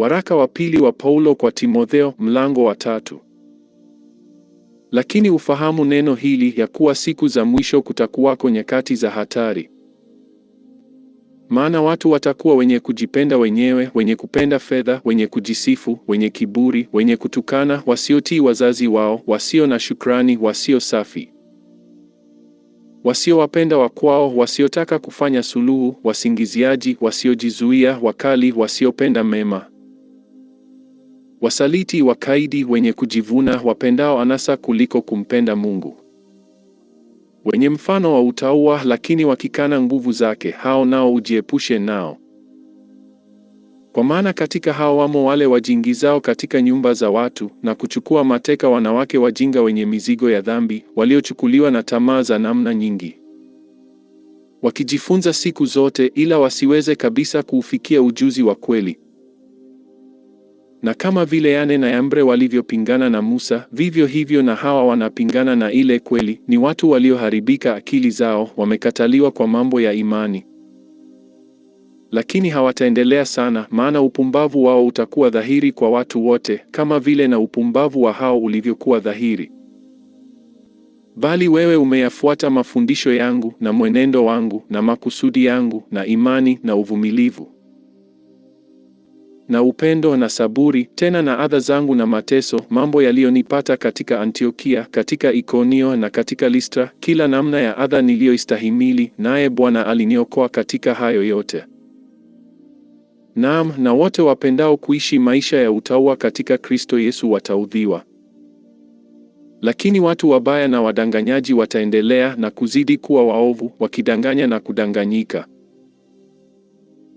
Waraka wa pili wa Paulo kwa Timotheo mlango wa tatu. Lakini ufahamu neno hili ya kuwa siku za mwisho kutakuwako nyakati za hatari. Maana watu watakuwa wenye kujipenda wenyewe, wenye kupenda fedha, wenye kujisifu, wenye kiburi, wenye kutukana, wasiotii wazazi wao, wasio na shukrani, wasio safi, wasiowapenda wakwao, wasiotaka kufanya suluhu, wasingiziaji, wasiojizuia, wakali, wasiopenda mema wasaliti, wakaidi, wenye kujivuna, wapendao anasa kuliko kumpenda Mungu, wenye mfano wa utaua lakini wakikana nguvu zake, hao nao ujiepushe nao. Kwa maana katika hao wamo wale wajingizao katika nyumba za watu na kuchukua mateka wanawake wajinga wenye mizigo ya dhambi, waliochukuliwa na tamaa za namna nyingi, wakijifunza siku zote, ila wasiweze kabisa kuufikia ujuzi wa kweli. Na kama vile Yane na Yambre walivyopingana na Musa, vivyo hivyo na hawa wanapingana na ile kweli. Ni watu walioharibika akili zao, wamekataliwa kwa mambo ya imani. Lakini hawataendelea sana, maana upumbavu wao utakuwa dhahiri kwa watu wote, kama vile na upumbavu wa hao ulivyokuwa dhahiri. Bali wewe umeyafuata mafundisho yangu na mwenendo wangu na makusudi yangu na imani na uvumilivu na upendo na saburi, tena na adha zangu na mateso, mambo yaliyonipata katika Antiokia, katika Ikonio na katika Listra, kila namna ya adha niliyoistahimili, naye Bwana aliniokoa katika hayo yote. Naam, na wote wapendao kuishi maisha ya utauwa katika Kristo Yesu wataudhiwa. Lakini watu wabaya na wadanganyaji wataendelea na kuzidi kuwa waovu, wakidanganya na kudanganyika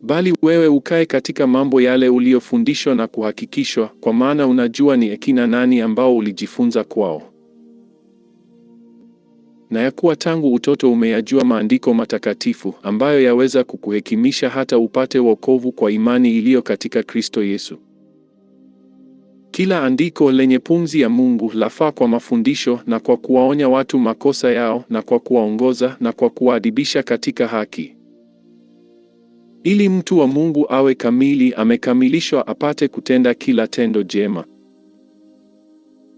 bali wewe ukae katika mambo yale uliyofundishwa na kuhakikishwa, kwa maana unajua ni akina nani ambao ulijifunza kwao, na ya kuwa tangu utoto umeyajua maandiko matakatifu, ambayo yaweza kukuhekimisha hata upate wokovu kwa imani iliyo katika Kristo Yesu. Kila andiko lenye pumzi ya Mungu lafaa kwa mafundisho na kwa kuwaonya watu makosa yao na kwa kuwaongoza na kwa kuwaadibisha katika haki ili mtu wa Mungu awe kamili, amekamilishwa apate kutenda kila tendo jema.